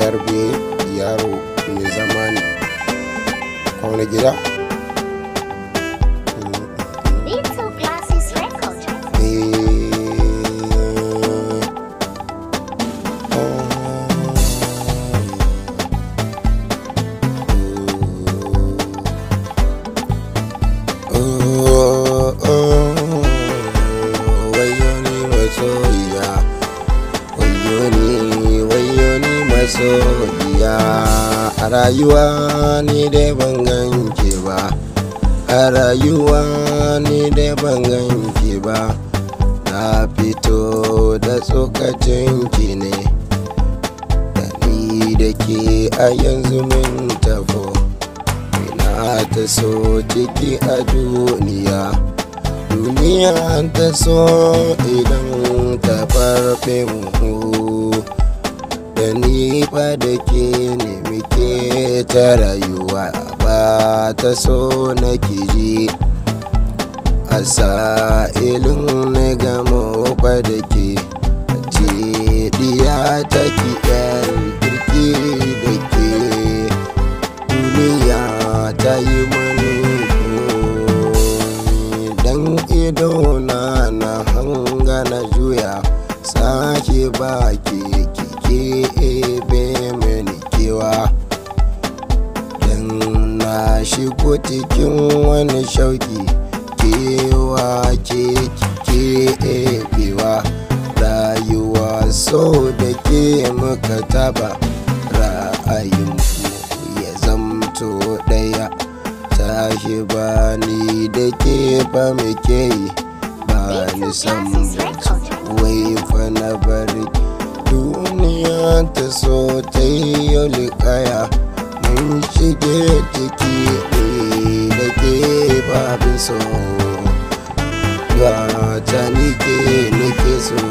yarbe yaro mai zama ne kauna gida masoyiya a rayuwa ni dai ban ganke ba a rayuwa ni dai ban ganke ba na fito da tsokacin ki ne da ni da ke a yanzu min tafo ina ta so ciki a duniya duniya ta so idan ta farfe mu ba da ke ne muke ta rayuwa ba ta so na ji a sa'ilin na gamo ba da ke ce diya ta ki yan kirki da ke duniya ta yi mani dan ido na na hanga na juya sake baki kike shigo cikin wani shauki kewa ke keɓewa rayuwa so da ke muka taba ra'ayinku ya zamto ɗaya tashi ba ni da ke ba muke yi ba ni san wai fa na bari duniya ta so ta yi yau likaya shige jiki da eh, ke babin so ga ta nike nike so